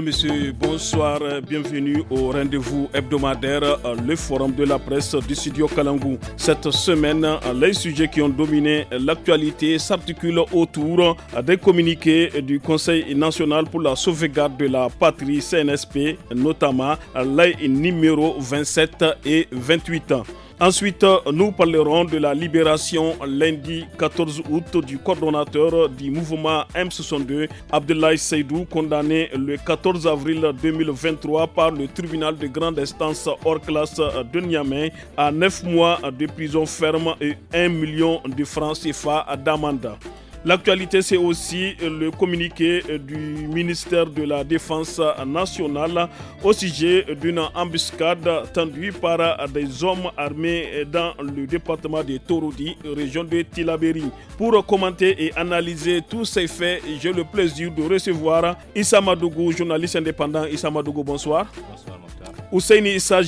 monsieur bonsoir. Bienvenue au rendez-vous hebdomadaire, le forum de la presse du studio Kalangou. Cette semaine, les sujets qui ont dominé l'actualité s'articulent autour des communiqués du Conseil national pour la sauvegarde de la patrie CNSP, notamment les numéros 27 et 28. Ensuite, nous parlerons de la libération lundi 14 août du coordonnateur du mouvement M62, Abdoulaye Seydou, condamné le 14 avril 2023 par le tribunal de grande instance hors classe de Niamey à 9 mois de prison ferme et 1 million de francs CFA d'amende. L'actualité, c'est aussi euh, le communiqué euh, du ministère de la Défense nationale au sujet d'une embuscade tendue par euh, des hommes armés dans le département de Torodi, région de Tilaberi. Pour commenter et analyser tous ces faits, j'ai le plaisir de recevoir Issa Madougou, journaliste indépendant. Issa Madougou, bonsoir. Bonsoir, Mokhtar. Ousseini Issa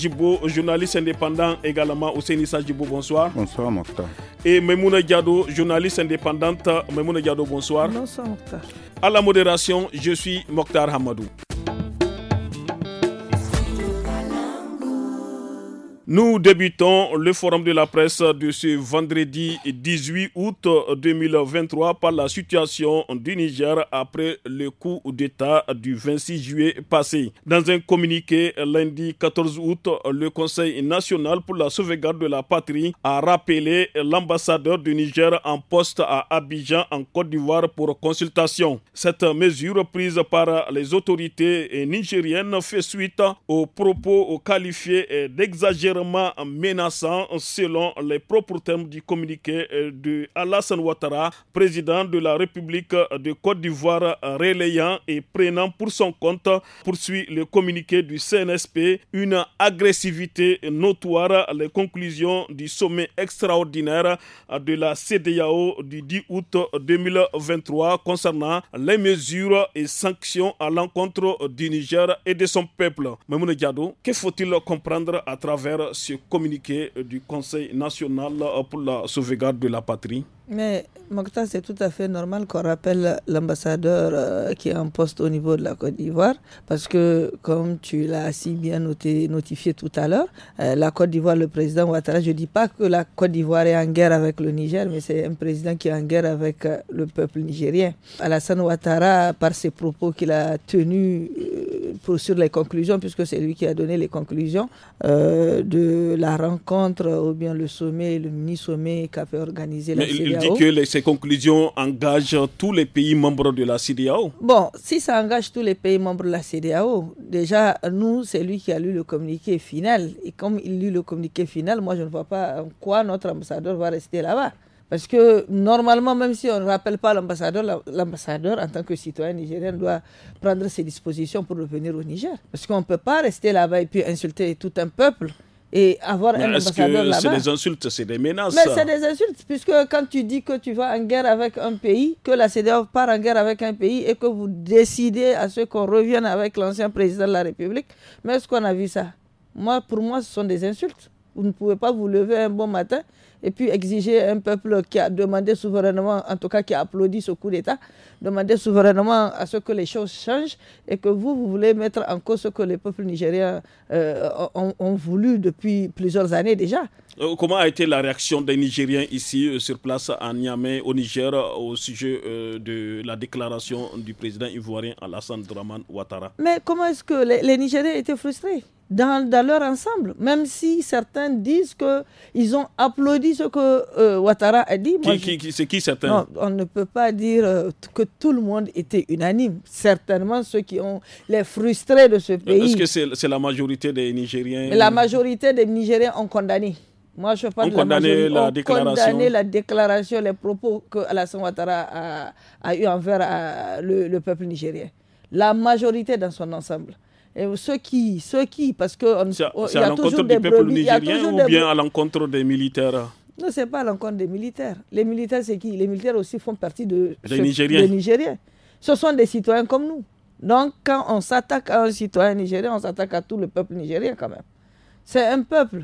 journaliste indépendant également. Ousseini Issa bonsoir. Bonsoir, Mokhtar. Et Memouna Diado, journaliste indépendante. Bonjour, bonsoir. Bonsoir À la modération, je suis Mokhtar Hamadou. Nous débutons le forum de la presse de ce vendredi 18 août 2023 par la situation du Niger après le coup d'État du 26 juillet passé. Dans un communiqué lundi 14 août, le Conseil national pour la sauvegarde de la patrie a rappelé l'ambassadeur du Niger en poste à Abidjan en Côte d'Ivoire pour consultation. Cette mesure prise par les autorités nigériennes fait suite aux propos qualifiés d'exagération menaçant selon les propres termes du communiqué euh, de Alassane Ouattara, président de la République de Côte d'Ivoire, relayant et prenant pour son compte, poursuit le communiqué du CNSP, une agressivité notoire, à les conclusions du sommet extraordinaire de la CDAO du 10 août 2023 concernant les mesures et sanctions à l'encontre du Niger et de son peuple. Mamoune Diado, que faut-il comprendre à travers ce communiqué euh, du Conseil national euh, pour la sauvegarde de la patrie Mais Mokhtar, c'est tout à fait normal qu'on rappelle l'ambassadeur euh, qui est en poste au niveau de la Côte d'Ivoire, parce que comme tu l'as si bien noté, notifié tout à l'heure, la Côte d'Ivoire, le président Ouattara, je ne dis pas que la Côte d'Ivoire est en guerre avec le Niger, mais c'est un président qui est en guerre avec le peuple nigérien. Alassane Ouattara, par ses propos qu'il a tenus pour, sur les conclusions, puisque c'est lui qui a donné les conclusions de la rencontre ou bien le sommet, le mini-sommet qu'avait organisé la Mais Il dit que les, ces conclusions engagent tous les pays membres de la CDAO. Bon, si ça engage tous les pays membres de la CDAO, déjà, nous, c'est lui qui a lu le communiqué final. Et comme il lit le communiqué final, moi, je ne vois pas en quoi notre ambassadeur va rester là-bas. Parce que normalement, même si on ne rappelle pas l'ambassadeur, l'ambassadeur, en tant que citoyen nigérien, doit prendre ses dispositions pour revenir au Niger. Parce qu'on ne peut pas rester là-bas et puis insulter tout un peuple et avoir un ambassadeur là-bas. C'est des insultes, c'est des menaces. Mais c'est des insultes, puisque quand tu dis que tu vas en guerre avec un pays, que la CDAO part en guerre avec un pays et que vous décidez à ce qu'on revienne avec l'ancien président de la République, mais est-ce qu'on a vu ça Moi, pour moi, ce sont des insultes. Vous ne pouvez pas vous lever un bon matin et puis exiger un peuple qui a demandé souverainement, en tout cas qui a applaudi ce coup d'État, demander souverainement à ce que les choses changent et que vous, vous voulez mettre en cause ce que les peuples nigériens euh, ont, voulu depuis plusieurs années déjà. Euh, comment a été la réaction des Nigériens ici euh, sur place à Niamey, au Niger, au sujet de la déclaration du président ivoirien Alassane Draman Ouattara Mais comment est-ce que les Nigériens étaient frustrés dans, leur ensemble, même si certains disent qu'ils ont applaudi ce que euh, Ouattara a dit. qui, c'est qui certains On ne peut pas dire euh, que tout le monde était unanime. Certainement ceux qui ont les frustrés de ce euh, pays. Est-ce que c'est, la majorité des Nigériens La majorité des Nigériens ont condamné. Moi, je parle de la, la déclaration. condamné la déclaration, les propos que Alassane Ouattara a, a eu envers le peuple nigérien. La majorité dans son ensemble ceux qui, ceux qui, parce que c'est à, l'encontre du peuple nigérien ou bien à l'encontre des militaires Non, c'est pas à l'encontre des militaires. Les militaires, c'est qui Les militaires aussi font partie de Des Nigériens. Ce sont des citoyens comme nous. Donc, quand on s'attaque à un citoyen nigérien, on s'attaque à tout le peuple nigérien quand même. C'est un peuple.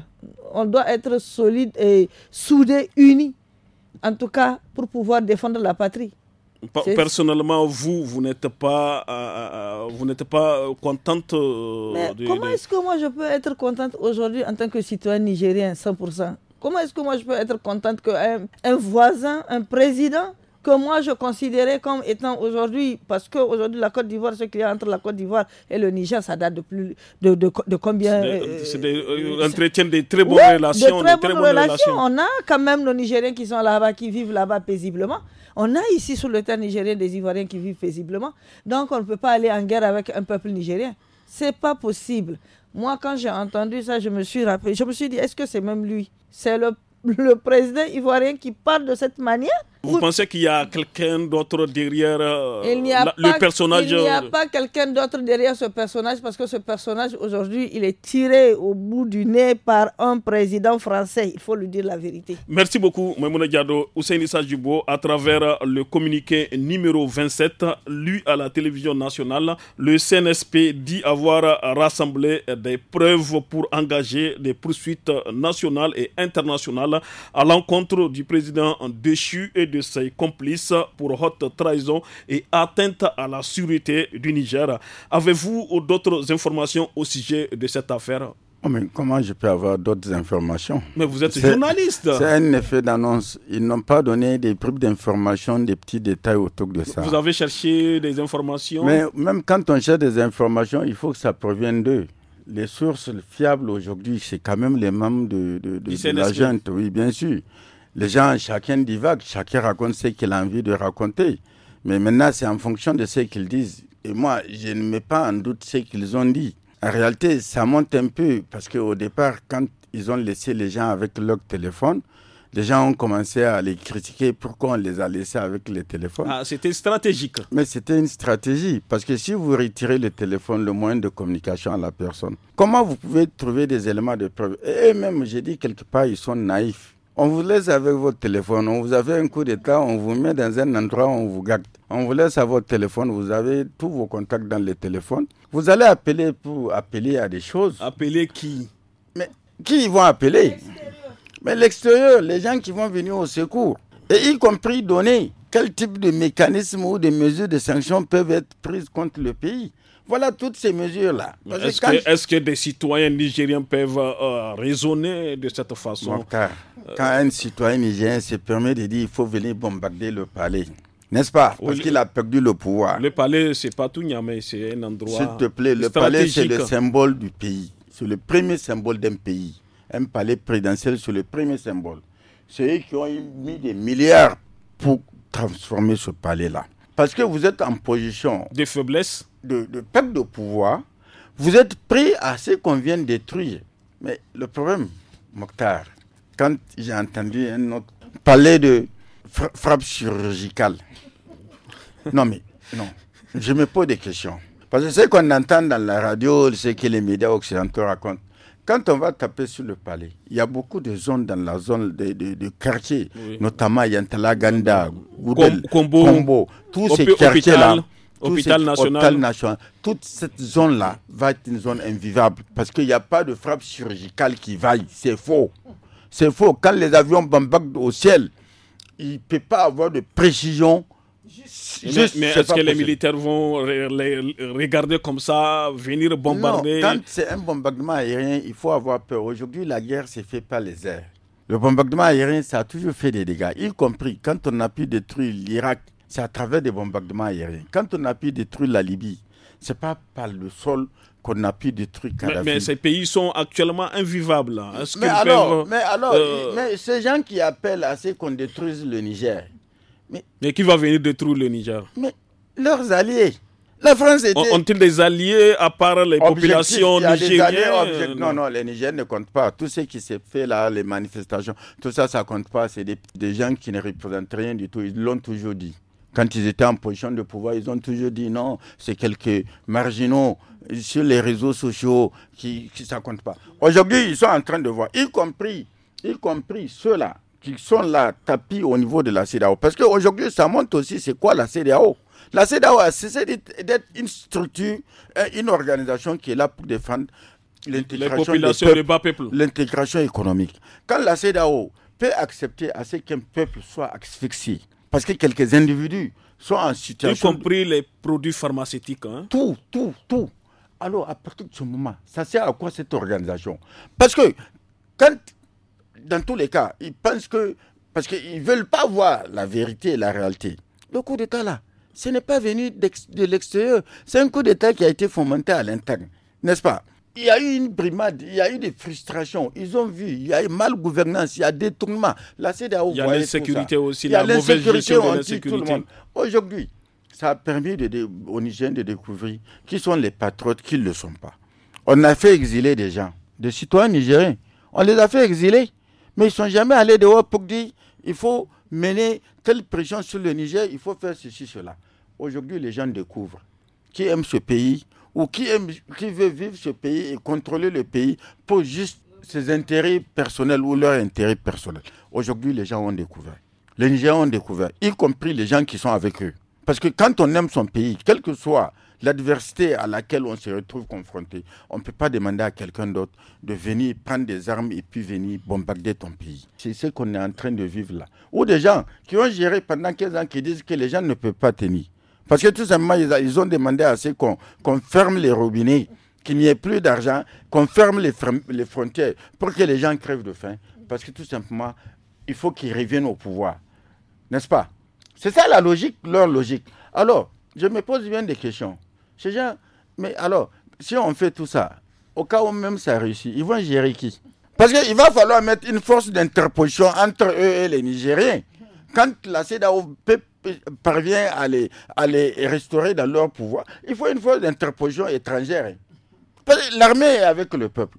On doit être solide et soudé, uni, en tout cas, pour pouvoir défendre la patrie. Personnellement, vous, vous n'êtes pas, euh, euh, euh, vous n'êtes pas contente. comment est-ce que moi je peux être contente aujourd'hui en tant que citoyen nigérien 100% Comment est-ce que moi je peux être contente qu'un un voisin, un président que moi je considérais comme étant aujourd'hui, parce qu'aujourd'hui la Côte d'Ivoire, ce qu'il y a entre la Côte d'Ivoire et le Niger, ça date de plus de, combien C'est des, entretien euh, euh, euh, des très bonnes relations. De très, bonnes, relations. On a quand même nos Nigériens qui sont là-bas, qui vivent là-bas paisiblement. On a ici sur le terrain nigérien des Ivoiriens qui vivent paisiblement. Donc on ne peut pas aller en guerre avec un peuple nigérien. C'est pas possible. Moi, quand j'ai entendu ça, je me suis rappelé, je me suis dit, est-ce que c'est même lui C'est le, le président ivoirien qui parle de cette manière vous pensez qu'il y a quelqu'un d'autre derrière euh, le personnage Il n'y a euh, pas quelqu'un d'autre derrière ce personnage parce que ce personnage, aujourd'hui, il est tiré au bout du nez par un président français. Il faut lui dire la vérité. Merci beaucoup, Mme Diado. Hussein Issa à travers euh, le communiqué numéro 27, lu à la télévision nationale, le CNSP dit avoir rassemblé des preuves pour engager des poursuites nationales et internationales à l'encontre du président déchu et de ses complices pour haute trahison et atteinte à la sûreté du Niger. Avez-vous d'autres informations au sujet de cette affaire oh, mais comment je peux avoir d'autres informations Mais vous êtes journaliste C'est un effet d'annonce. Ils n'ont pas donné des preuves d'informations, des petits détails autour de ça. Vous avez cherché des informations Mais même quand on cherche des informations, il faut que ça provienne d'eux les sources fiables aujourd'hui, c'est quand même les membres de, de, oui, bien sûr. Les gens, chacun divague, chacun raconte ce qu'il a envie de raconter. Mais maintenant, c'est en fonction de ce qu'ils disent. Et moi, je ne mets pas en doute ce qu'ils ont dit. En réalité, ça monte un peu parce qu'au départ, quand ils ont laissé les gens avec leur téléphone, les gens ont commencé à les critiquer pourquoi on les a laissés avec les téléphones. Ah, c'était stratégique. Mais c'était une stratégie. Parce que si vous retirez le téléphone, le moyen de communication à la personne, comment vous pouvez trouver des éléments de preuve Et même, j'ai dit quelque part, ils sont naïfs. On vous laisse avec votre téléphone, on vous a fait un coup d'état, on vous met dans un endroit, on vous garde. On vous laisse à votre téléphone, vous avez tous vos contacts dans le téléphone. Vous allez appeler pour appeler à des choses. Appeler qui Mais qui ils vont appeler Mais l'extérieur, les gens qui vont venir au secours. Et y compris donner quel type de mécanisme ou de mesures de sanctions peuvent être prises contre le pays. Voilà toutes ces mesures-là. Est-ce que, des citoyens nigériens peuvent euh, euh, raisonner de cette façon euh, Quand un citoyen nigérien se permet de dire il faut venir bombarder le palais, n'est-ce pas Parce qu'il a perdu le pouvoir. Le palais, c'est pas tout Niamey, c'est un endroit. S'il te plaît, le palais, c'est le symbole du pays. C'est le premier symbole d'un pays. Un palais présidentiel, c'est le premier symbole. C'est eux qui ont mis des milliards pour transformer ce palais-là. Parce que vous êtes en position. De faiblesse de, de perte de pouvoir, vous êtes prêt à ce qu'on vienne détruire. Mais le problème, Mokhtar, quand j'ai entendu un autre parler de frappe chirurgicale, non mais, non, je me pose des questions. Parce que ce qu'on entend dans la radio, ce que les médias occidentaux racontent, quand on va taper sur le palais, il y a beaucoup de zones dans la zone de, quartiers, quartier, notamment Yantala, Ganda, Combo, Combo tous ces quartiers-là hôpital national. Toute cette zone-là va être une zone invivable parce qu'il n'y a pas de frappe chirurgicale qui vaille. C'est faux. C'est faux. Quand les avions bombardent au ciel, il ne peut pas avoir de précision. mais, est-ce que les militaires vont les regarder comme ça, venir bombarder non, Quand c'est un bombardement aérien, il faut avoir peur. Aujourd'hui, la guerre se fait par les airs. Le bombardement aérien, ça a toujours fait des dégâts, y compris quand on a pu détruire l'Irak c'est à travers des bombardements aériens. Quand on a pu détruire la Libye, ce n'est pas par le sol qu'on a pu détruire Mais, ces pays sont actuellement invivables. Hein. mais, alors, mais, euh, alors, mais ces gens qui appellent à ce qu'on détruise le Niger. Mais, qui va venir détruire le Niger Mais leurs alliés. La France était... Ont-ils des alliés à part les populations nigériennes Non, non, les Niger ne comptent pas. Tout ce qui s'est fait là, les manifestations, tout ça, ça compte pas. C'est des gens qui ne représentent rien du tout. Ils l'ont toujours dit. Quand ils étaient en position de pouvoir, ils ont toujours dit non, c'est quelques marginaux sur les réseaux sociaux qui, ne ça compte pas. Aujourd'hui, ils sont en train de voir, y compris, y compris ceux-là qui sont là tapis au niveau de la CDAO. Parce qu'aujourd'hui, ça montre aussi c'est quoi la CDAO. La CDAO a cessé d'être une structure, une organisation qui est là pour défendre l'intégration l'intégration économique. Quand la CDAO peut accepter à ce qu'un peuple soit asphyxié, parce que quelques individus sont en situation. Y compris les produits pharmaceutiques. Hein. Tout, tout, tout. Alors, à partir de ce moment, ça sert à quoi cette organisation Parce que, quand, dans tous les cas, ils pensent que. Parce qu'ils ne veulent pas voir la vérité et la réalité. Le coup d'État, là, ce n'est pas venu de l'extérieur. C'est un coup d'État qui a été fomenté à l'interne. N'est-ce pas il y a eu une brimade, il y a eu des frustrations. Ils ont vu, il y a eu mal gouvernance, il y a détournement. La CDAO, il y a l'insécurité aussi, la mauvaise gestion de l'insécurité. Aujourd'hui, ça a permis aux Nigériens de découvrir qui sont les patriotes, qui ne le sont pas. On a fait exiler des gens, des citoyens nigériens. On les a fait exiler, mais ils ne sont jamais allés dehors pour dire il faut mener telle pression sur le Niger, il faut faire ceci, cela. Aujourd'hui, les gens découvrent qui aiment ce pays, ou qui, aime, qui veut vivre ce pays et contrôler le pays pour juste ses intérêts personnels ou leurs intérêts personnels. Aujourd'hui, les gens ont découvert. Les Nigériens ont découvert, y compris les gens qui sont avec eux. Parce que quand on aime son pays, quelle que soit l'adversité à laquelle on se retrouve confronté, on ne peut pas demander à quelqu'un d'autre de venir prendre des armes et puis venir bombarder ton pays. C'est ce qu'on est en train de vivre là. Ou des gens qui ont géré pendant 15 ans qui disent que les gens ne peuvent pas tenir. Parce que tout simplement, ils, ont demandé à ce qu'on ferme les robinets, qu'il n'y ait plus d'argent, qu'on ferme les, frontières pour que les gens crèvent de faim. Parce que tout simplement, il faut qu'ils reviennent au pouvoir. N'est-ce pas C'est ça la logique, leur logique. Alors, je me pose bien des questions. Ces gens, mais alors, si on fait tout ça, au cas où même ça réussit, ils vont gérer qui Parce qu'il va falloir mettre une force d'interposition entre eux et les Nigériens. Quand la CEDAO peut parvient à les, restaurer dans leur pouvoir, il faut une force d'interposition étrangère. L'armée est avec le peuple.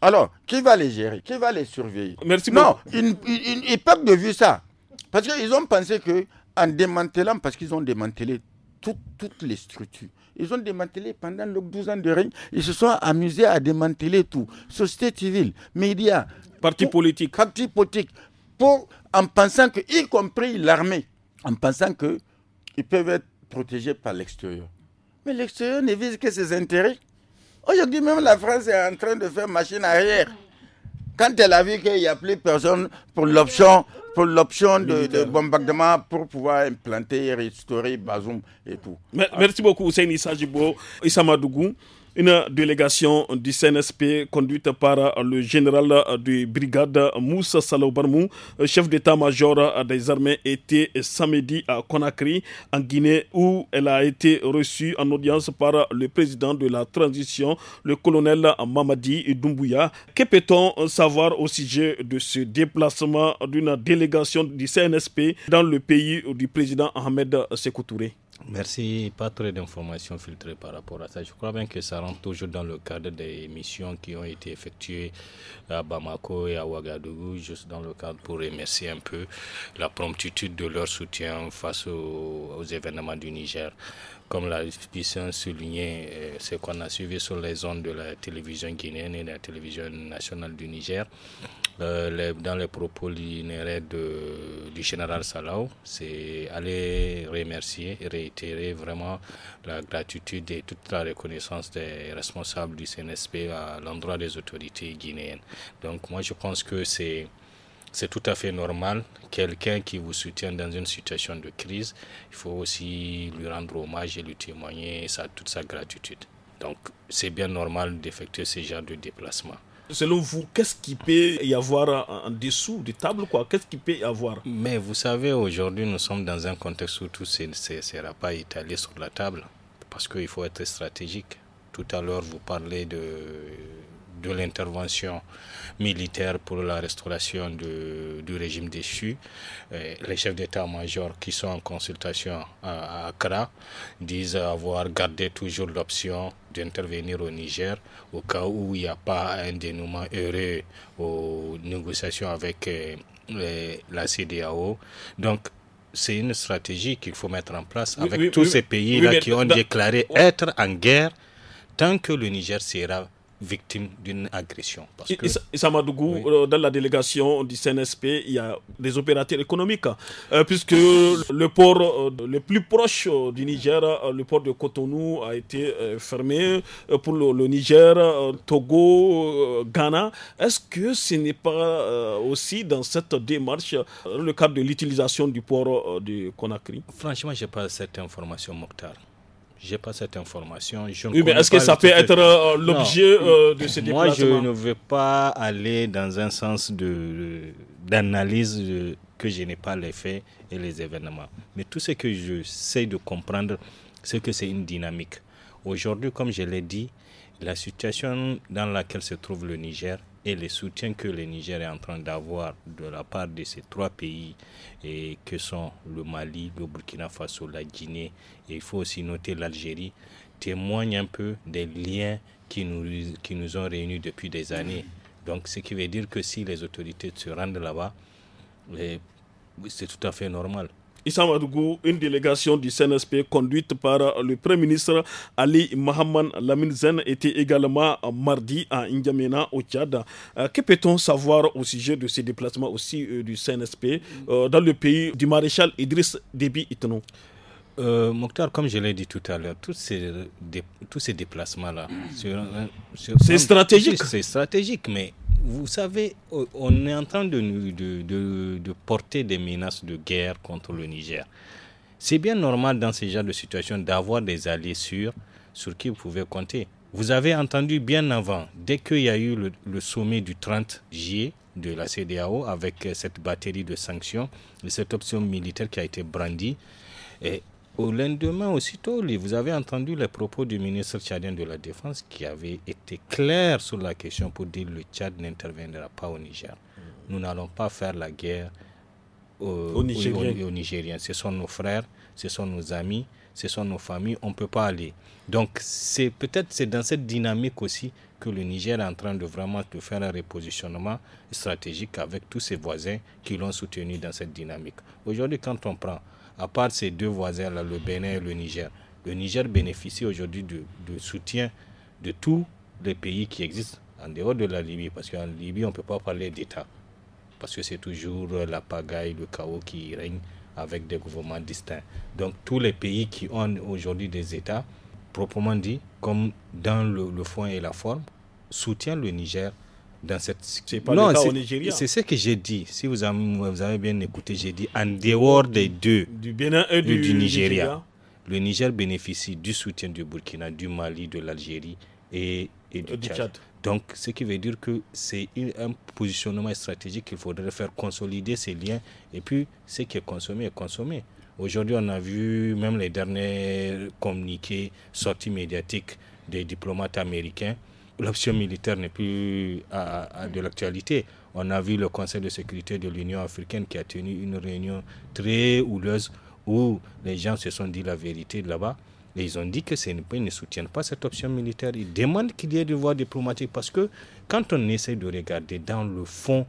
Alors, qui va les gérer Qui va les surveiller Merci Non, ils de vue ça. Parce qu'ils ont pensé que en démantelant, parce qu'ils ont démantelé toutes, les structures, ils ont démantelé pendant 12 ans de règne, ils se sont amusés à démanteler tout. Société civile, médias. Parti politique. Parti politique. Pour, en pensant que, y compris l'armée, en pensant qu'ils peuvent être protégés par l'extérieur. Mais l'extérieur ne vise que ses intérêts. Aujourd'hui même, la France est en train de faire machine arrière. Quand elle a vu qu'il n'y a plus personne pour l'option, pour l'option de, bombardement pour pouvoir implanter, restaurer Bazoum et tout. Merci beaucoup, Hussein Issa Issa Madougou. Une délégation du CNSP conduite par le général de brigade Moussa Salobarmou, chef d'état-major des armées, était samedi à Conakry, en Guinée, où elle a été reçue en audience par le président de la transition, le colonel Mamadi Doumbouya. Que peut-on savoir au sujet de ce déplacement d'une délégation du CNSP dans le pays du président Ahmed Sekou Merci. Pas très d'informations filtrées par rapport à ça. Je crois bien que ça rentre toujours dans le cadre des missions qui ont été effectuées à Bamako et à Ouagadougou, juste dans le cadre pour remercier un peu la promptitude de leur soutien face aux événements du Niger comme l'a souligné, euh, ce qu'on a suivi sur les ondes de la télévision guinéenne et de la télévision nationale du Niger, euh, dans les propos linéaires du général Salao, c'est aller remercier et réitérer vraiment la gratitude et toute la reconnaissance des responsables du CNSP à l'endroit des autorités guinéennes. Donc moi je pense que c'est... C'est tout à fait normal. Quelqu'un qui vous soutient dans une situation de crise, il faut aussi lui rendre hommage et lui témoigner sa, toute sa gratitude. Donc, c'est bien normal d'effectuer ce genre de déplacement. Selon vous, qu'est-ce qui peut y avoir en dessous des tables Qu'est-ce qui peut y avoir Mais vous savez, aujourd'hui, nous sommes dans un contexte où tout ne sera pas étalé sur la table parce qu'il faut être stratégique. Tout à l'heure, vous parlez de de l'intervention militaire pour la restauration du régime déchu. Euh, les chefs d'état-major qui sont en consultation à, Accra disent avoir gardé toujours l'option d'intervenir au Niger au cas où il n'y a pas un dénouement heureux aux négociations avec euh, la CDAO. Donc, c'est une stratégie qu'il faut mettre en place avec tous ces pays-là qui ont déclaré être en guerre tant que le Niger sera Victime d'une agression. Parce que... Issa euh, dans la délégation du CNSP, il y a des opérateurs économiques, hein. euh, puisque le port euh, le plus proche du Niger, le port de Cotonou, a été fermé pour le, Niger, Togo, Ghana. Est-ce que ce n'est pas aussi dans cette démarche, le cadre de l'utilisation du port de Conakry Franchement, je n'ai pas cette information, Mokhtar. Je n'ai pas cette information. Je est-ce que ça peut être euh, l'objet euh, de ce déplacement Moi, je ne veux pas aller dans un sens d'analyse de, que je n'ai pas les faits et les événements. Mais tout ce que je sais de comprendre, c'est que c'est une dynamique. Aujourd'hui, comme je l'ai dit, la situation dans laquelle se trouve le Niger et le soutien que le Niger est en train d'avoir de la part de ces trois pays et que sont le Mali, le Burkina Faso, la Guinée et il faut aussi noter l'Algérie témoigne un peu des liens qui nous, qui nous ont réunis depuis des années. Donc ce qui veut dire que si les autorités se rendent là-bas, eh, c'est tout à fait normal. Issa Madougou, une délégation du CNSP conduite par le Premier ministre Ali Mohamed Laminzen était également mardi à N'Djamena au Tchad. Euh, que peut-on savoir au sujet de ces déplacements aussi euh, du CNSP euh, dans le pays du maréchal Idriss Déby Itno Mokhtar, comme je l'ai dit tout à l'heure, tous tous ces déplacements-là, c'est stratégique. C'est stratégique, mais vous savez, euh, on est en train de, de, porter des menaces de guerre contre le Niger. C'est bien normal dans ce genre de situation d'avoir des alliés sûrs sur qui vous pouvez compter. Vous avez entendu bien avant, dès qu'il y a eu le, sommet du 30 juillet de la CDAO avec euh, cette batterie de sanctions et cette option militaire qui a été brandie, et au lendemain, aussitôt, vous avez entendu les propos du ministre tchadien de la Défense qui avait été clair sur la question pour dire que le Tchad n'interviendra pas au Niger. Mm. Nous n'allons pas faire la guerre aux, au Nigériens. Nigérien. Ce sont nos frères, ce sont nos amis, ce sont nos familles. On ne peut pas aller. Donc, c'est peut-être c'est dans cette dynamique aussi que le Niger est en train de vraiment de faire un repositionnement stratégique avec tous ses voisins qui l'ont soutenu dans cette dynamique. Aujourd'hui, quand on prend à part ces deux voisins-là, le Bénin et le Niger, le Niger bénéficie aujourd'hui du, soutien de tous les pays qui existent en dehors de la Libye, parce qu'en Libye, on ne peut pas parler d'État, parce que c'est toujours la pagaille, le chaos qui règne avec des gouvernements distincts. Donc tous les pays qui ont aujourd'hui des États, proprement dit, comme dans le, le fond et la forme, soutiennent le Niger dans cette. C'est pas le cas au Nigeria. C'est ce que j'ai dit. Si vous avez, bien écouté, j'ai dit en dehors des deux. Du Nigeria, Le Niger bénéficie du soutien du Burkina, du Mali, de l'Algérie et, du, Tchad. Donc, ce qui veut dire que c'est un positionnement stratégique qu'il faudrait faire consolider ces liens. Et puis, ce qui est consommé est consommé. Aujourd'hui, on a vu même les derniers communiqués, sorties médiatiques des diplomates américains l'option militaire n'est plus de l'actualité. On a vu le Conseil de sécurité de l'Union africaine qui a tenu une réunion très houleuse où les gens se sont dit la vérité là-bas. Et ils ont dit que ces ne soutiennent pas cette option militaire. Ils demandent qu'il y ait des voies diplomatiques parce que quand on essaie de regarder dans le fond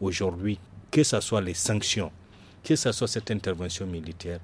aujourd'hui, que ce soit les sanctions, que ce soit cette intervention militaire,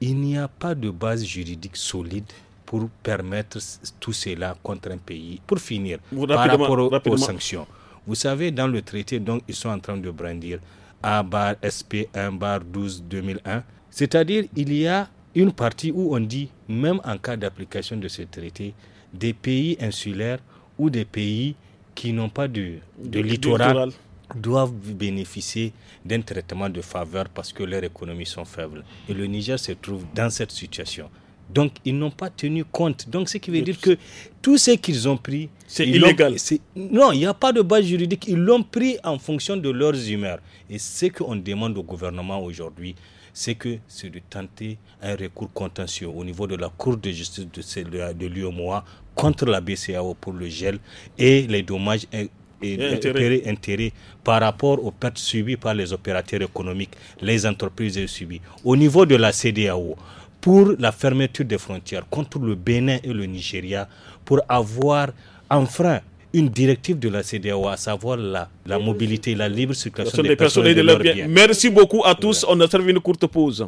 il n'y a pas de base juridique solide pour permettre tout cela contre un pays. Pour finir, par rapport aux, sanctions, vous savez, dans le traité, donc, ils sont en train de brandir A bar SP 1 bar 12 2001. C'est-à-dire, il y a une partie où on dit, même en cas d'application de ce traité, des pays insulaires ou des pays qui n'ont pas de, de littoral doivent bénéficier d'un traitement de faveur parce que leurs économies sont faibles. Et le Niger se trouve dans cette situation. Donc, ils n'ont pas tenu compte. Donc, ce qui veut dire que tout ce qu'ils ont pris. C'est illégal. Non, il n'y a pas de base juridique. Ils l'ont pris en fonction de leurs humeurs. Et ce qu'on demande au gouvernement aujourd'hui, c'est que c'est de tenter un recours contentieux au niveau de la Cour de justice de, de l'UOMOA contre la BCAO pour le gel et les dommages et, par rapport aux pertes subies par les opérateurs économiques, les entreprises subies. Au niveau de la CDAO, pour la fermeture des frontières contre le Bénin et le Nigeria, pour avoir enfin une directive de la CDAO, à savoir la, mobilité mobilité, la libre circulation des, personnes, de leurs biens. Merci beaucoup à tous. On a servi une courte pause.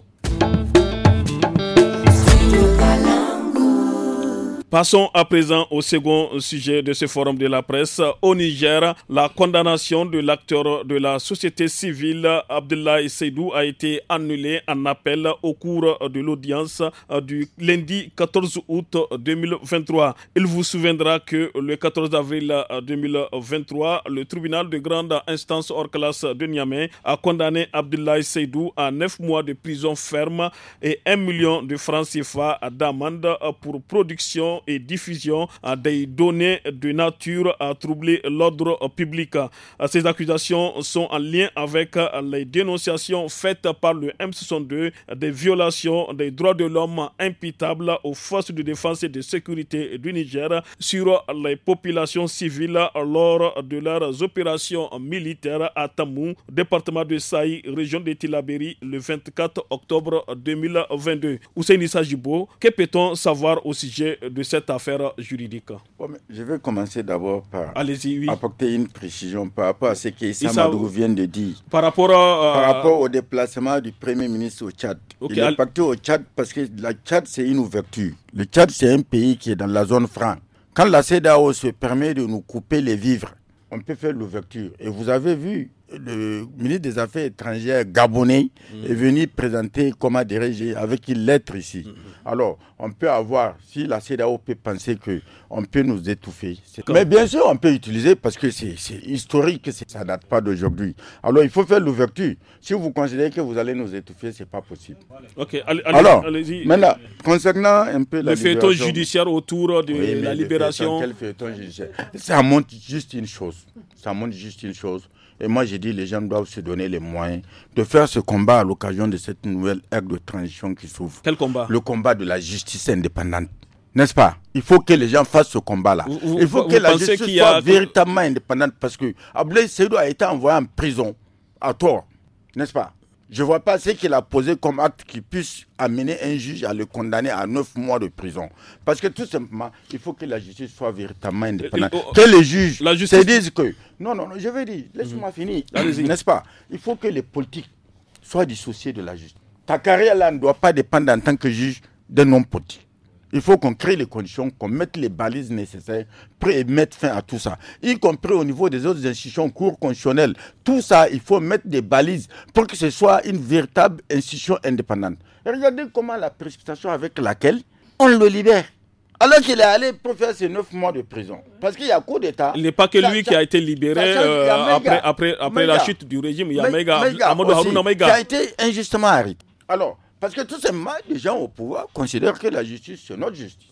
Passons à présent au second sujet de ce forum de la presse. Au Niger, la condamnation de l'acteur de la société civile Abdullah Seydou a été annulée en appel au cours de l'audience euh, du lundi 14 août 2023. Il vous souviendra que le 14 avril 2023, euh, le tribunal de grande instance hors classe de Niamey a condamné Abdullah Seydou à neuf mois de prison ferme et un million de francs CFA d'amende euh, pour production et diffusion des données de nature à troubler l'ordre public. Ces accusations sont en lien avec les dénonciations faites par le M62 des violations des droits de l'homme imputables aux forces de défense et de sécurité du Niger sur les populations civiles lors de leurs opérations militaires à Tamou, département de Saï, région de Tilaberi, le 24 octobre 2022. Hussein Issa que peut-on savoir au sujet de cette affaire juridique Je vais commencer d'abord par apporter une précision par rapport à ce que Samadou vient de dire. Par rapport, euh, par rapport au déplacement du Premier ministre au Tchad. Il est parti au Tchad parce que le Tchad, c'est une ouverture. Le Tchad, c'est un pays qui est dans la zone franc. Quand la CEDAO se permet de nous couper les vivres, on peut faire l'ouverture. Et vous avez vu, le ministre des Affaires étrangères gabonais mm-hmm. est venu présenter, comment diriger avec une lettre ici. Mm-hmm. Alors, on peut avoir, si la CdaO peut penser qu'on peut nous étouffer. Mais bien sûr, on peut utiliser parce que c'est historique, ça ne date pas d'aujourd'hui. Alors, il faut faire l'ouverture. Si vous considérez que vous allez nous étouffer, ce n'est pas possible. Alors, maintenant, concernant un peu la. Le feuilleton judiciaire autour de la libération. quel judiciaire Ça montre juste une chose. Ça montre juste une chose et moi, j'ai dit, les gens doivent se donner les moyens de faire ce combat à l'occasion de cette nouvelle ère de transition qui s'ouvre. Quel combat Le combat de la justice indépendante. N'est-ce pas Il faut que les gens fassent ce combat-là. Il faut que la justice soit véritablement indépendante parce que Abdel Seydou a été envoyé en prison à tort. N'est-ce pas je ne vois pas ce qu'il a posé comme acte qui puisse amener un juge à le condamner à 9 mois de prison. Parce que tout simplement, il faut que la justice soit véritablement indépendante. Oh, oh. que les juges se disent que... Non, non, non, je veux dire, laisse-moi mhm. finir, n'est-ce pas Il faut que les politiques soient dissociés de la justice. Ta carrière-là ne doit pas dépendre en tant que juge d'un homme politique. Il faut qu'on crée les conditions, qu'on mette les balises nécessaires pour mettre fin à tout ça. Y compris au niveau des autres institutions, cours constitutionnelles. Tout ça, il faut mettre des balises pour que ce soit une véritable institution indépendante. regardez comment la précipitation avec laquelle on le libère. Alors qu'il est allé pour faire ses neuf mois de prison. Parce qu'il y a coup d'État. Il n'est pas que lui qui a été libéré euh, après, après, après la chute du régime. Il y a Mega, qui a été injustement arrêté. Alors, parce que tout simplement, les gens au pouvoir considèrent que la justice, c'est notre justice.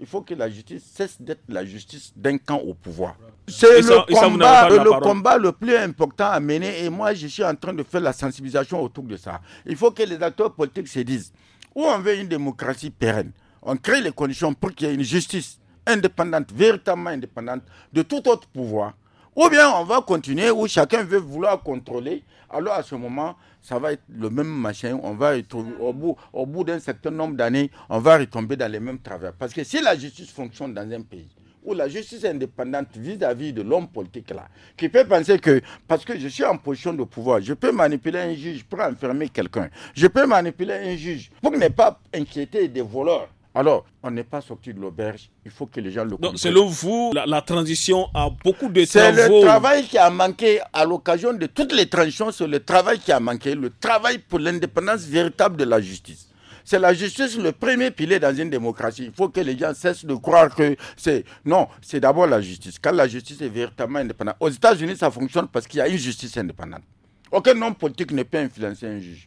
Il faut que la justice cesse d'être la justice d'un camp au pouvoir. C'est le, combat, le combat le plus important à mener et moi, je suis en train de faire la sensibilisation autour de ça. Il faut que les acteurs politiques se disent, où on veut une démocratie pérenne, on crée les conditions pour qu'il y ait une justice indépendante, véritablement indépendante de tout autre pouvoir ou bien on va continuer où chacun veut vouloir contrôler. Alors à ce moment, ça va être le même machin. On va être au bout, au bout d'un certain nombre d'années, on va retomber dans les mêmes travers. Parce que si la justice fonctionne dans un pays, où la justice est indépendante vis-à-vis de l'homme politique là, qui peut penser que parce que je suis en position de pouvoir, je peux manipuler un juge pour enfermer quelqu'un, je peux manipuler un juge pour ne pas inquiéter des voleurs. Alors, on n'est pas sorti de l'auberge, il faut que les gens le comprennent. Donc, selon vous, la, transition a beaucoup de travaux. C'est le travail qui a manqué à l'occasion de toutes les transitions, c'est le travail qui a manqué, le travail pour l'indépendance véritable de la justice. C'est la justice le premier pilier dans une démocratie. Il faut que les gens cessent de croire que c'est. Non, c'est d'abord la justice. Quand la justice est véritablement indépendante. Aux États-Unis, ça fonctionne parce qu'il y a une justice indépendante. Aucun homme politique ne peut influencer un juge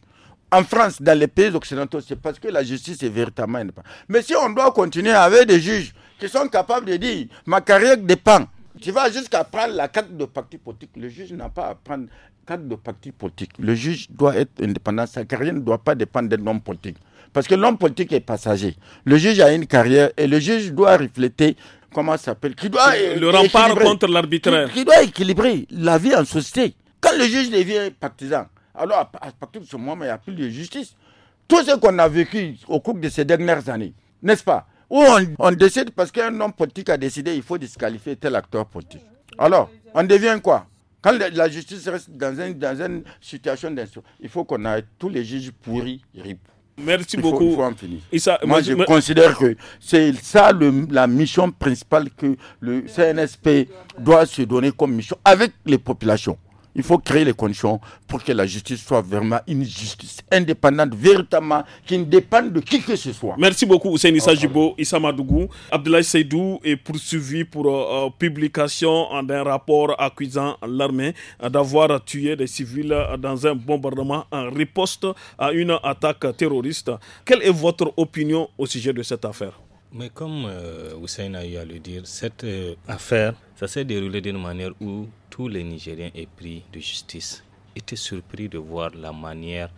en France, dans les pays occidentaux, c'est parce que la justice est véritablement indépendante. Mais si on doit continuer avec des juges qui sont capables de dire ma carrière dépend, tu vas jusqu'à prendre la carte de parti politique. Le juge n'a pas à prendre carte de parti politique. Le juge doit être indépendant. Sa carrière ne doit pas dépendre d'un homme politique. Parce que l'homme politique est passager. Le juge a une carrière et le juge doit refléter comment ça s'appelle. Qui doit le rempart contre l'arbitraire. qui doit équilibrer la vie en société. Quand le juge devient partisan, alors, à, partir de ce moment, il n'y a plus de justice. Tout ce qu'on a vécu au cours de ces dernières années, n'est-ce pas Où on, décide parce qu'un homme politique a décidé, il faut disqualifier tel acteur politique. Alors, on devient quoi quand la justice reste dans, dans une situation d'instruction, il faut qu'on ait tous les juges pourris, rip. Merci beaucoup. Il faut en finir. Moi, je considère que c'est ça la mission principale que le CNSP doit se donner comme mission avec les populations. Il faut créer les conditions pour que la justice soit vraiment une justice indépendante, véritablement, qui ne dépende de qui que ce soit. Merci beaucoup, Hussein Issa Jibo, Issa Madougou. Abdoulaye Seydou est poursuivi pour euh, euh, publication d'un rapport accusant l'armée euh, d'avoir tué des civils dans un bombardement en riposte à une attaque terroriste. Quelle est votre opinion au sujet de cette affaire mais comme euh, a eu à le dire, cette euh, affaire, ça s'est déroulé d'une manière où tous les Nigériens pris de justice étaient surpris de voir la manière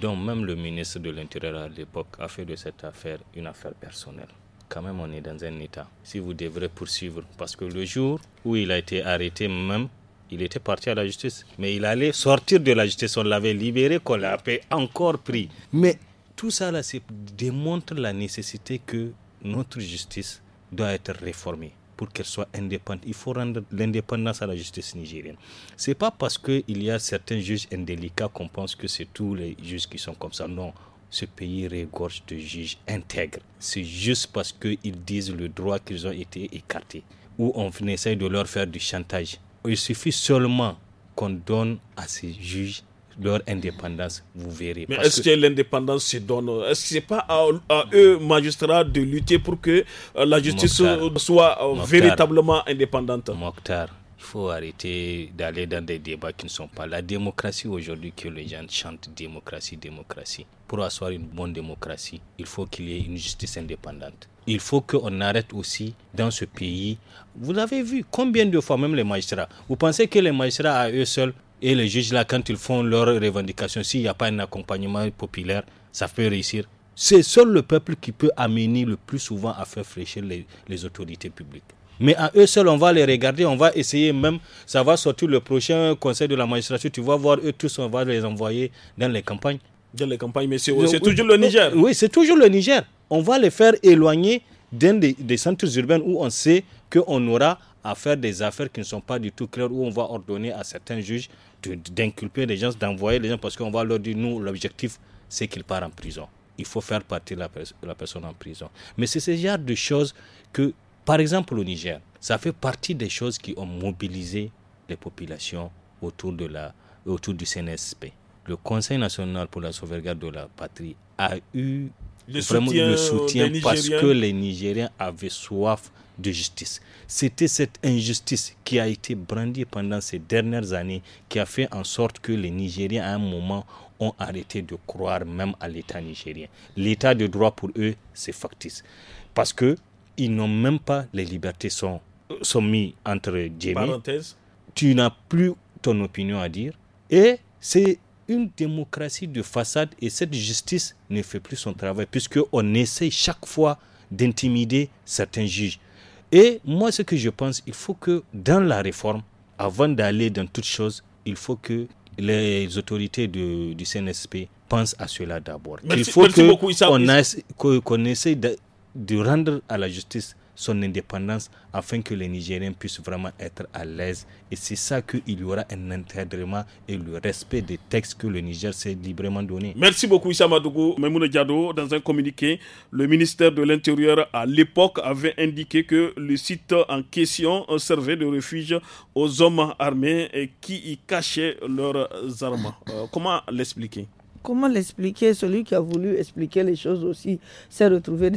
dont même le ministre de l'Intérieur à l'époque a fait de cette affaire une affaire personnelle. Quand même, on est dans un état. Si vous devrez poursuivre, parce que le jour où il a été arrêté, même, il était parti à la justice. Mais il allait sortir de la justice. On l'avait libéré, qu'on l'avait encore pris. Mais tout ça, là, démontre la nécessité que notre justice doit être réformée pour qu'elle soit indépendante. Il faut rendre l'indépendance à la justice nigérienne. C'est pas parce qu'il y a certains juges indélicats qu'on pense que c'est tous les juges qui sont comme ça. Non, ce pays regorge de juges intègres. C'est juste parce qu'ils disent le droit qu'ils ont été écartés ou on essaye de leur faire du chantage. Il suffit seulement qu'on donne à ces juges leur indépendance, vous verrez. Mais est-ce que, l'indépendance se donne Est-ce que ce n'est pas à, eux, magistrats, de lutter pour que euh, la justice soit euh, véritablement indépendante Mokhtar, il faut arrêter d'aller dans des débats qui ne sont pas la démocratie aujourd'hui que les gens chantent démocratie, démocratie. Pour asseoir une bonne démocratie, il faut qu'il y ait une justice indépendante. Il faut qu'on arrête aussi dans ce pays. Vous l'avez vu, combien de fois même les magistrats Vous pensez que les magistrats à eux seuls et les juges, là, quand ils font leurs revendications, s'il n'y a pas un accompagnement populaire, ça peut réussir. C'est seul le peuple qui peut amener le plus souvent à faire fléchir les, autorités publiques. Mais à eux seuls, on va les regarder, on va essayer même, ça va sortir le prochain conseil de la magistrature, tu vas voir, eux tous, on va les envoyer dans les campagnes. Dans les campagnes, mais c'est toujours le Niger. Oui, c'est toujours le Niger. On va les faire éloigner d'un des, des, centres urbains où on sait qu'on aura à faire des affaires qui ne sont pas du tout claires, où on va ordonner à certains juges d'inculper les gens, d'envoyer les gens, parce qu'on va leur dire, nous, l'objectif, c'est qu'ils partent en prison. Il faut faire partir la, la personne en prison. Mais c'est ce genre de choses que, par exemple, au Niger, ça fait partie des choses qui ont mobilisé les populations autour, de la, autour du CNSP. Le Conseil national pour la sauvegarde de la patrie a eu le vraiment le soutien parce que les Nigériens avaient soif de justice. C'était cette injustice qui a été brandie pendant ces dernières années qui a fait en sorte que les Nigériens, à un moment, ont arrêté de croire même à l'État nigérien. L'État de droit pour eux, c'est factice. Parce que ils n'ont même pas les libertés sont, sont mis entre guillemets. Tu n'as plus ton opinion à dire. Et c'est une démocratie de façade et cette justice ne fait plus son travail puisque on essaie chaque fois d'intimider certains juges et moi, ce que je pense, il faut que dans la réforme, avant d'aller dans toute chose, il faut que les autorités du CNSP pensent à cela d'abord. Il faut qu'on essaie de rendre à la justice son indépendance afin que les Nigériens puissent vraiment être à l'aise. Et c'est ça qu'il y aura un encadrement et le respect des textes que le Niger s'est librement donné. Merci beaucoup Issa Madougou. Diado, dans un communiqué, le ministère de l'Intérieur à l'époque avait indiqué que le site en question servait de refuge aux hommes armés et qui y cachaient leurs armes. Euh, comment l'expliquer comment l'expliquer Celui qui a voulu expliquer les choses aussi s'est retrouvé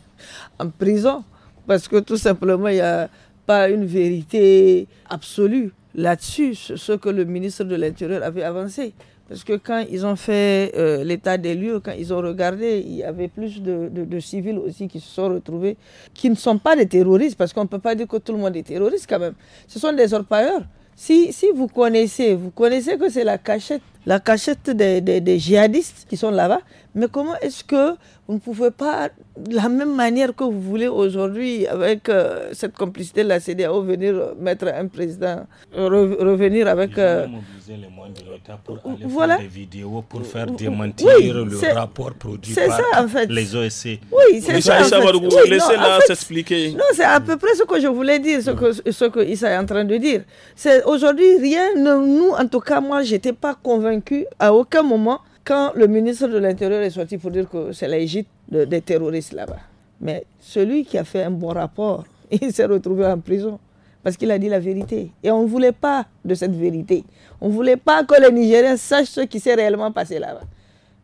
en prison parce que tout simplement, il n'y a pas une vérité absolue là-dessus, ce que le ministre de l'Intérieur avait avancé. Parce que quand ils ont fait euh, l'état des lieux, quand ils ont regardé, il y avait plus de, civils aussi qui se sont retrouvés, qui ne sont pas des terroristes, parce qu'on ne peut pas dire que tout le monde est terroriste quand même. Ce sont des orpailleurs. Si, si vous connaissez, vous connaissez que c'est la cachette la cachette des, des, djihadistes qui sont là-bas. Mais comment est-ce que vous ne pouvez pas, de la même manière que vous voulez aujourd'hui, avec euh, cette complicité de la CDAO, venir mettre un président, revenir avec... Euh, les pour aller faire des vidéos, pour faire démentir le rapport produit par les OSC. Oui, c'est ça. en fait. Non, c'est à peu près ce que je voulais dire, ce hmm. que, ce que Issa est en train de dire. C'est aujourd'hui, rien, nous, en tout cas, moi, j'étais pas convaincu à aucun moment quand le ministre de l'Intérieur est sorti pour dire que c'est l'Égypte des terroristes là-bas. Mais celui qui a fait un bon rapport, il s'est retrouvé en prison parce qu'il a dit la vérité. Et on ne voulait pas de cette vérité. On ne voulait pas que les Nigériens sachent ce qui s'est réellement passé là-bas.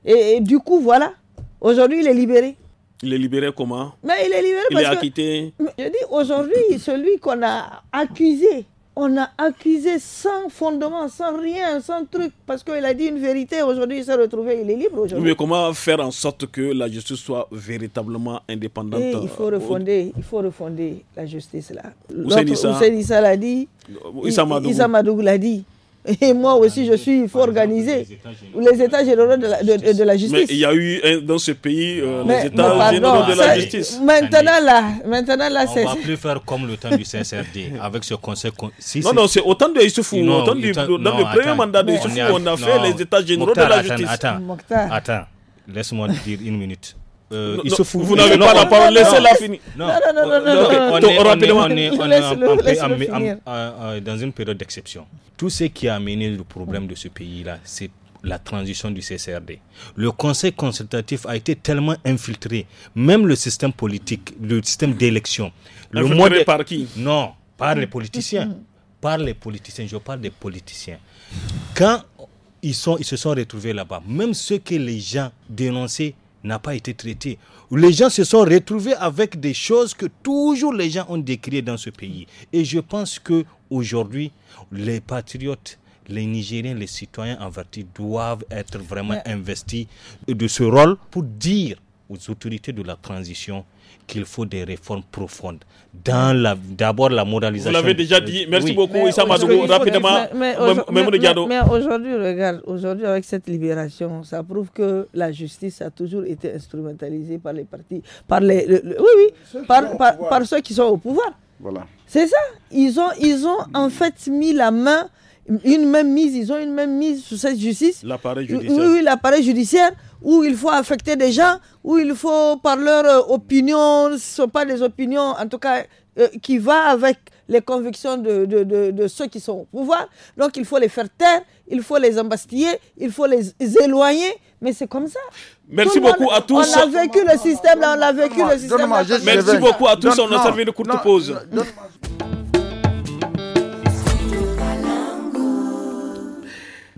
Et, du coup, voilà, aujourd'hui, il est libéré. Il est libéré comment Mais il est libéré parce acquitté. je dis, aujourd'hui, celui qu'on a accusé on a accusé sans fondement, sans rien, sans truc, parce qu'il a dit une vérité, aujourd'hui il s'est retrouvé, il est libre aujourd'hui. Mais comment faire en sorte que la justice soit véritablement indépendante eh, Il faut refonder, il faut refonder la justice là. dit l'a dit, Issa l'a dit, et moi aussi, je suis, il faut organiser les États généraux de la, justice. Mais il y a eu dans ce pays euh, ah. les États généraux de la justice. Maintenant là, maintenant là, c'est. On va plus faire comme le temps du CSRD avec ce conseil. non, non, c'est autant de Issoufou, dans le premier mandat de Issoufou, on a, fait les États généraux de la justice. attends laisse-moi dire une minute se fout. Vous n'avez pas la parole, laissez-la finir. Non, non, non, non. On, est, on, est, on est, dans une période d'exception. Tout ce qui a amené le problème de ce pays-là, c'est la transition du CCRD. Le Conseil consultatif a été tellement infiltré, même le système politique, le système d'élection. Le par qui Non, par les politiciens. Par les politiciens, je parle des politiciens. Quand ils, sont, ils se sont retrouvés là-bas, même ceux que les gens dénonçaient n'a pas été traité. Les gens se sont retrouvés avec des choses que toujours les gens ont décriées dans ce pays. Et je pense que aujourd'hui, les patriotes les Nigériens, les citoyens avertis doivent être vraiment investis de ce rôle pour dire aux autorités de la transition qu'il faut des réformes profondes. Dans la, d'abord la moralisation. Vous l'avez déjà dit. Merci beaucoup, Issa Rapidement, mais, aujourd'hui, regarde, aujourd'hui, avec cette libération, ça prouve que la justice a toujours été instrumentalisée par les partis, par les, oui, oui, par, par, ceux qui sont au pouvoir. Voilà. C'est ça. Ils ont, ils ont en fait mis la main, une même mise, ils ont une même mise sur cette justice. L'appareil judiciaire. Oui, oui l'appareil judiciaire où il faut affecter des gens, où il faut, par leur euh, opinion, ce ne sont pas des opinions, en tout cas, euh, qui va avec les convictions de, ceux qui sont au pouvoir. Donc il faut les faire taire, il faut les embastiller, il faut les éloigner, mais c'est comme ça. Merci beaucoup à tous. On a vécu le système, là, on a vécu le système. Merci beaucoup à tous, on a servi une courte pause.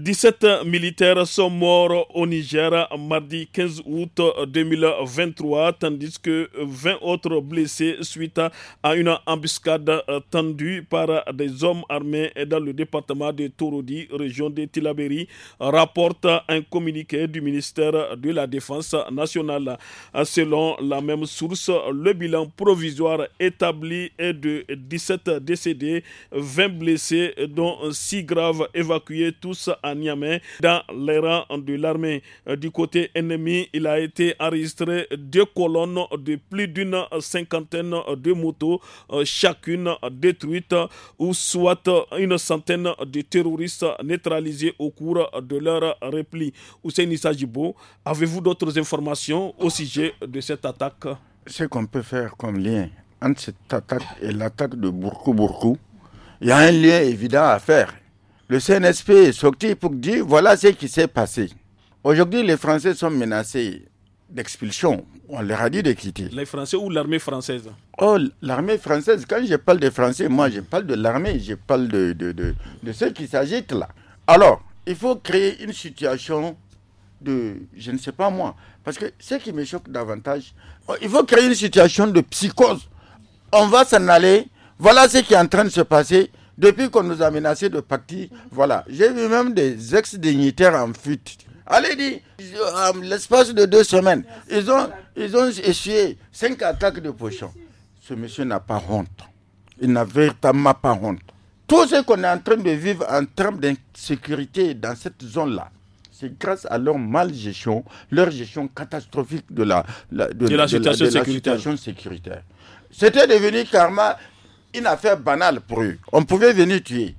17 militaires sont morts au Niger mardi 15 août 2023, tandis que 20 autres blessés suite à une embuscade tendue par des hommes armés dans le département de Torodi, région de Tilaberi, rapporte un communiqué du ministère de la Défense nationale. Selon la même source, le bilan provisoire établi est de 17 décédés, 20 blessés, dont 6 graves évacués tous en Niamey, dans les rangs de l'armée. Euh, du côté ennemi, il a été enregistré deux colonnes de plus d'une cinquantaine de motos, euh, chacune détruite, ou soit une centaine de terroristes neutralisés au cours de leur repli. Hussein Issajibo, avez-vous d'autres informations au sujet de cette attaque Ce qu'on peut faire comme lien entre cette attaque et l'attaque de Burkou Burkou, il y a un lien évident à faire le CNSP est sorti pour dire voilà ce qui s'est passé. Aujourd'hui, les Français sont menacés d'expulsion. On leur a dit de quitter. Les Français ou l'armée française Oh, l'armée française, quand je parle des Français, moi je parle de l'armée, je parle de, de, de, ceux qui s'agitent là. Alors, il faut créer une situation de, je ne sais pas moi, parce que ce qui me choque davantage, oh, il faut créer une situation de psychose. On va s'en aller, voilà ce qui est en train de se passer, depuis qu'on nous a menacé de partir, voilà. J'ai vu même des ex-dignitaires en fuite. Allez, dit, euh, l'espace de deux semaines, ils ont, ils ont essuyé cinq attaques de pochons. Ce monsieur n'a pas honte. Il n'a véritablement pas honte. Tout ce qu'on est en train de vivre en termes d'insécurité dans cette zone-là, c'est grâce à leur mal gestion, leur gestion catastrophique de la, situation, situation sécuritaire. C'était devenu karma une affaire banale pour eux. On pouvait venir tuer.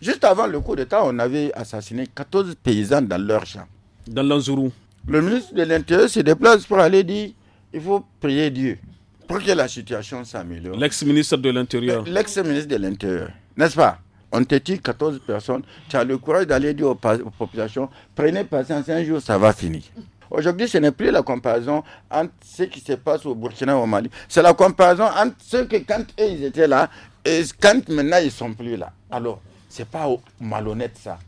Juste avant le coup d'État, on avait assassiné 14 paysans dans leur champ. Dans l'Anzourou. Le ministre de l'Intérieur se déplace pour aller dire il faut prier Dieu pour que la situation s'améliore. L'ex-ministre de l'Intérieur. L'ex-ministre de l'Intérieur, n'est-ce pas On te tue 14 personnes, tu as le courage d'aller dire aux populations prenez patience, un jour ça va finir. Aujourd'hui, ce n'est plus la comparaison entre ce qui se passe au Burkina ou au Mali. C'est la comparaison entre ce que quand ils étaient là et quand maintenant ils ne sont plus là. Alors, ce n'est pas malhonnête ça.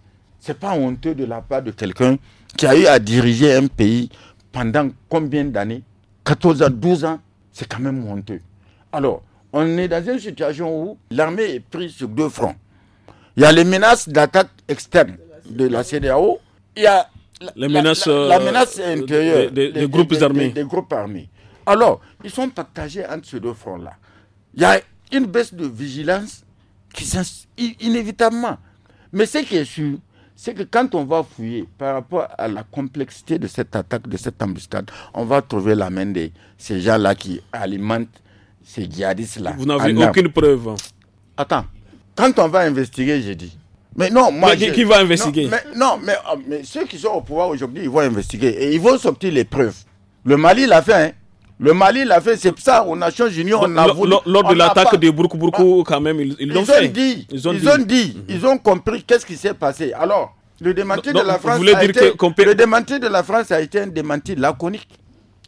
Ce n'est pas honteux de la part de quelqu'un qui a eu à diriger un pays pendant combien d'années 14 à 12 ans, c'est quand même honteux. Alors, on est dans une situation où l'armée est prise sur deux fronts. Il y a les menaces d'attaque externe de la CDAO, il y a la, euh, menace, intérieure des, groupes armés. Des, groupes armés. Alors, ils sont partagés entre ces deux fronts-là. Il y a une baisse de vigilance qui inévitablement. Mais ce qui est sûr, c'est que quand on va fouiller par rapport à la complexité de cette attaque, de cette embuscade, on va trouver la main de ces gens-là qui alimentent ces djihadistes-là. Vous n'avez aucune preuve. Attends, quand on va investiguer, j'ai dit, mais non, moi. Mais qui, va investiguer Non, euh, mais, ceux qui sont au pouvoir aujourd'hui, ils vont investiguer et ils vont sortir les preuves. Le Mali l'a fait, hein. Le Mali l'a fait, c'est ça, aux Nations Unies, on a Lors de l'attaque de Burkou Burkou, ah. quand même, ils l'ont fait. Dit, ils ont ils dit. Ils ont compris qu'est-ce qui s'est passé. Alors, le démenti, de la, France le démenti de la France a été un démenti laconique.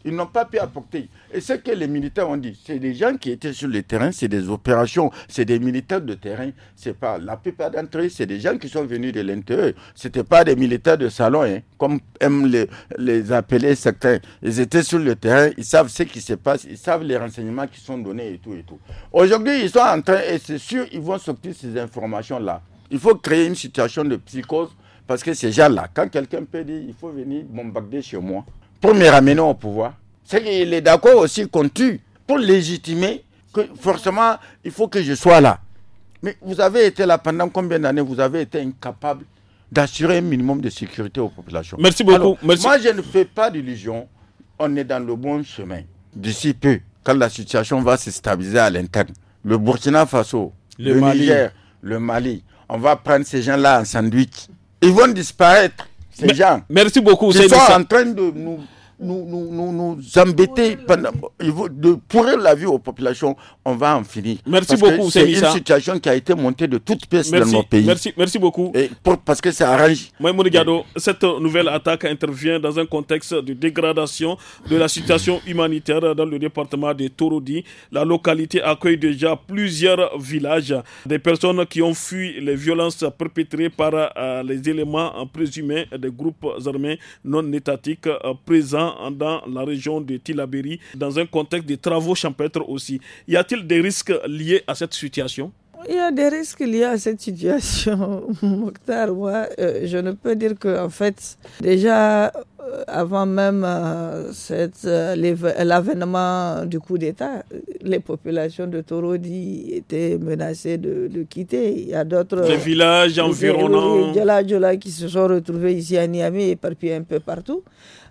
Ils n'ont pas pu apporter. Et ce que les militaires ont dit, c'est des gens qui étaient sur le terrain, c'est des opérations, c'est des militaires de terrain. C'est pas la plupart d'entre eux, c'est des gens qui sont venus de l'intérieur. C'était pas des militaires de salon, hein, comme aiment les, appeler certains. Ils étaient sur le terrain, ils savent ce qui se passe, ils savent les renseignements qui sont donnés et tout et tout. Aujourd'hui, ils sont en train, et c'est sûr, ils vont sortir ces informations-là. Il faut créer une situation de psychose parce que ces gens-là, quand quelqu'un peut dire, il faut venir bombarder chez moi pour me ramener au pouvoir. C'est qu'il est d'accord aussi qu'on tue pour légitimer que forcément, il faut que je sois là. Mais vous avez été là pendant combien d'années Vous avez été incapable d'assurer un minimum de sécurité aux populations. Merci beaucoup. Moi, je ne fais pas d'illusion. On est dans le bon chemin. D'ici peu, quand la situation va se stabiliser à l'interne, le Burkina Faso, le, Niger, le Mali, on va prendre ces gens-là en sandwich. Ils vont disparaître ces Merci beaucoup, qui sont en train de nous nous, nous, nous, embêter de pourrir la vie aux populations, on va en finir. Merci beaucoup, c'est une situation qui a été montée de toutes pièces dans pays. Merci, merci beaucoup. parce que c'est arrangé Gado, cette nouvelle attaque intervient dans un contexte de dégradation de la situation humanitaire dans le département de Torodi. La localité accueille déjà plusieurs villages. Des personnes qui ont fui les violences perpétrées par euh, les éléments présumés des groupes armés non étatiques euh, présents dans la région de Tilaberi, dans un contexte de travaux champêtres aussi. Y a-t-il des risques liés à cette situation il y a des risques liés à cette situation, Mokhtar. Euh, je ne peux dire que, en fait, déjà, euh, avant même euh, euh, l'avènement du coup d'État, les populations de Torodi étaient menacées de, quitter. Il y a d'autres. villages environnants. Les qui se sont retrouvés ici à Niamey, éparpillés un peu partout.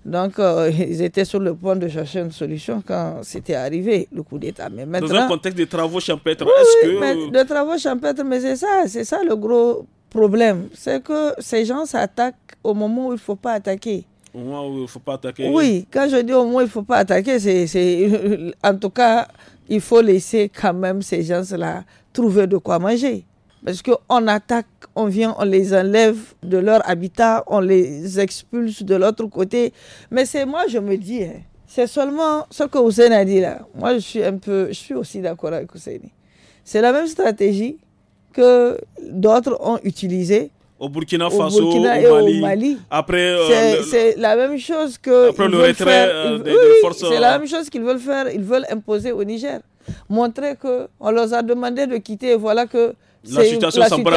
Donc, ils étaient sur le point de chercher une solution quand c'était arrivé, le coup d'État. Mais maintenant, Dans un contexte de travaux champêtres, est-ce que... de travaux champêtres, mais c'est ça, c'est ça le gros problème. C'est que ces gens s'attaquent au moment où il ne faut pas attaquer. Au moins, il ne faut pas attaquer. Oui, quand je dis au moins, il ne faut pas attaquer, c'est, en tout cas, il faut laisser quand même ces gens-là trouver de quoi manger. Parce qu'on attaque, on vient, on les enlève de leur habitat, on les expulse de l'autre côté. Mais c'est moi, je me dis, hein, c'est seulement ce que Hussein a dit là. Moi, je suis un peu, je suis aussi d'accord avec Hussein. C'est la même stratégie que d'autres ont utilisée au Burkina Faso, au, Mali. Après, euh, c'est la même chose que après le retrait faire, euh, C'est la euh, même chose qu'ils veulent faire. Ils veulent imposer au Niger, montrer que on leur a demandé de quitter. Et voilà que la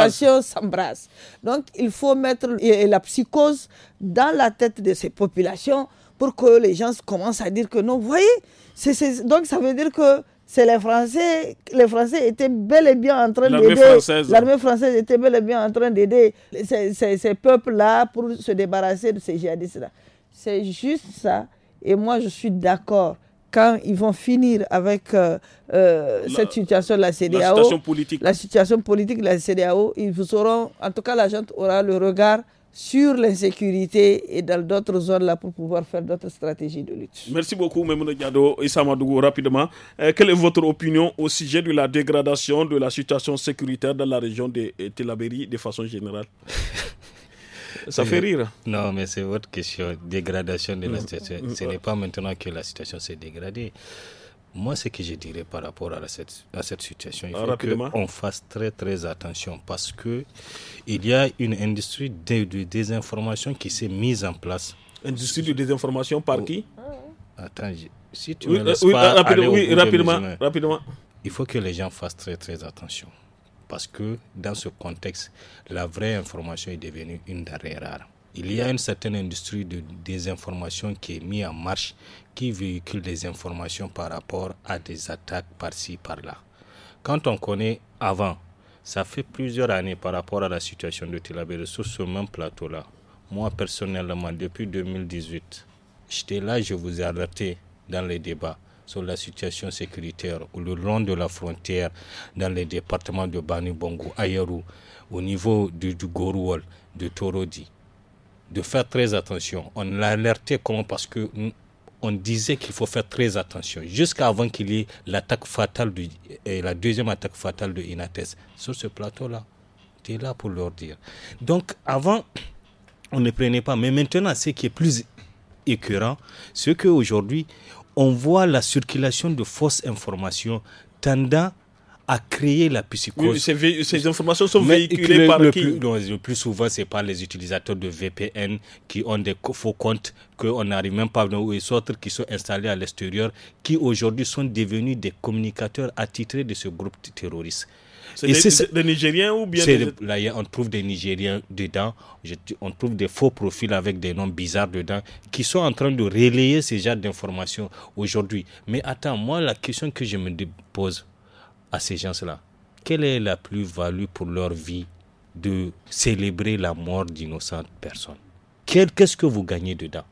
situation s'embrasse. Donc, il faut mettre la psychose dans la tête de ces populations pour que les gens commencent à dire que non. Vous voyez, donc ça veut dire que c'est les Français. Les Français étaient bel et bien en train d'aider. Hein. L'armée française. était bel et bien en train d'aider ces, peuples-là pour se débarrasser de ces djihadistes-là. C'est juste ça. Et moi, je suis d'accord. Quand ils vont finir avec euh, euh, cette situation de la CDAO, la situation politique, la situation politique de la CDAO, ils vous auront, en tout cas, la gente aura le regard sur l'insécurité et dans d'autres zones là pour pouvoir faire d'autres stratégies de lutte. Merci beaucoup Memouna Diado Issa rapidement. Euh, quelle est votre opinion au sujet de la dégradation de la situation sécuritaire dans la région de euh, Telabéry de façon générale Ça fait rire. Non, mais c'est votre question. Dégradation de la situation. Ce mm. n'est pas maintenant que la situation s'est dégradée. Moi, ce que je dirais par rapport à cette, à cette situation, il ah, faut qu'on fasse très très attention parce que il y a une industrie de, désinformation qui s'est mise en place. Industrie de désinformation par qui oh. Attends, si tu oui, pas oui, rapidement, rapidement. Il faut que les gens fassent très très attention parce que dans ce contexte, la vraie information est devenue une denrée rare. Il y a une certaine industrie de désinformation qui est mise en marche, qui véhicule des informations par rapport à des attaques par-ci, par-là. Quand on connaît avant, ça fait plusieurs années par rapport à la situation de Tilabere sur ce même plateau-là. Moi, personnellement, depuis 2018, j'étais là, je vous ai alerté dans les débats sur la situation sécuritaire ou le long de la frontière dans les départements de Banibongo, Bongo, Ayeru, au niveau du, du Gorouol, de Torodi de faire très attention. On l'a alerté comment Parce que on disait qu'il faut faire très attention jusqu'à avant qu'il y ait l'attaque fatale de, et la deuxième attaque fatale de Inates. Sur ce plateau-là, tu es là pour leur dire. Donc avant, on ne prenait pas. Mais maintenant, ce qui est plus écœurant, c'est qu'aujourd'hui, on voit la circulation de fausses informations tendant a créé la psychose. ces, informations sont véhiculées par le qui Le plus souvent, c'est par les utilisateurs de VPN qui ont des faux comptes qu'on n'arrive même pas à où les autres qui sont installés à l'extérieur, qui aujourd'hui sont devenus des communicateurs attitrés de ce groupe terroriste. C'est des, Nigériens ou bien des... Là, on trouve des Nigériens dedans, on trouve des faux profils avec des noms bizarres dedans qui sont en train de relayer ces genres d'informations aujourd'hui. Mais attends, moi, la question que je me pose, à ces gens-là Quelle est la plus-value pour leur vie de célébrer la mort d'innocentes personnes Qu'est-ce que vous gagnez dedans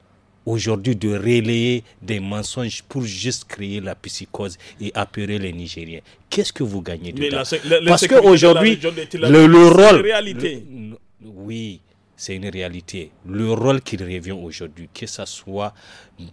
Aujourd'hui, de relayer des mensonges pour juste créer la psychose et apeurer les Nigériens. Qu'est-ce que vous gagnez dedans Parce qu'aujourd'hui, le, le rôle. Réalité. oui, c'est une réalité. Le rôle qui revient aujourd'hui, que ce soit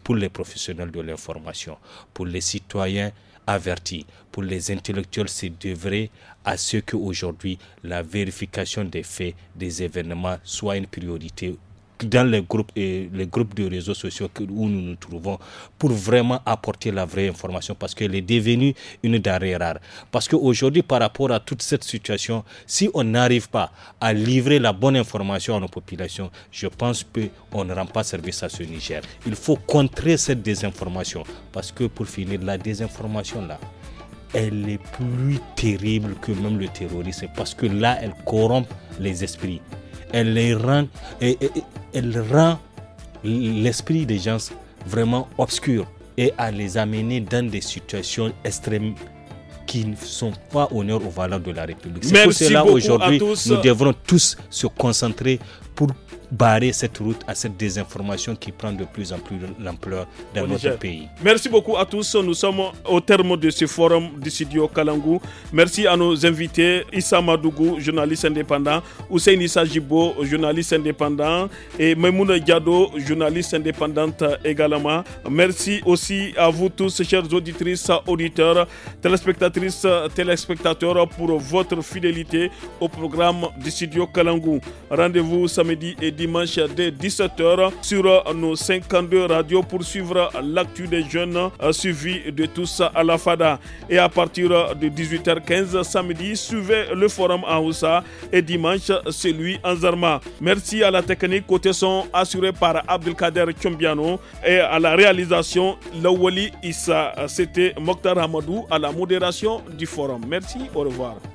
pour les professionnels de l'information, pour les citoyens averti. Pour les intellectuels, c'est de vrai à ce qu'aujourd'hui, la vérification des faits, des événements soit une priorité dans les groupes les groupes de réseaux sociaux où nous nous trouvons pour vraiment apporter la vraie information parce qu'elle est devenue une denrée rare. Parce qu'aujourd'hui, par rapport à toute cette situation, si on n'arrive pas à livrer la bonne information à nos populations, je pense qu'on ne rend pas service à ce Niger. Il faut contrer cette désinformation parce que pour finir, la désinformation là, elle est plus terrible que même le terrorisme parce que là, elle corrompt les esprits elle, rend, elle, rend l'esprit des gens vraiment obscur et à les amener dans des situations extrêmes qui ne sont pas honneur aux valeurs de la République. C'est pour cela aujourd'hui, nous devrons tous se concentrer pour barrer cette route à cette désinformation qui prend de plus en plus l'ampleur dans notre pays. Merci beaucoup à tous. Nous sommes au terme de ce forum du studio Kalangou. Merci à nos invités Issa Madougou, journaliste indépendant, Hussein Issa Jibo, journaliste indépendant, et Memouna Diado, journaliste indépendante également. Merci aussi à vous tous, chers auditrices, auditeurs, téléspectatrices, téléspectateurs, pour votre fidélité au programme du studio Kalangou. Rendez-vous samedi et dimanche dimanche dès 17h sur euh, nos 52 radios pour suivre euh, l'actu des jeunes euh, suivi de tous à la FADA. Et à partir de 18h15 samedi, suivez le forum à Oussa et dimanche celui en Zarma. Merci à la technique côté son assuré par Abdelkader Chombiano et à la réalisation Lawali Issa. C'était Mokhtar Hamadou à la modération du forum. Merci, au revoir.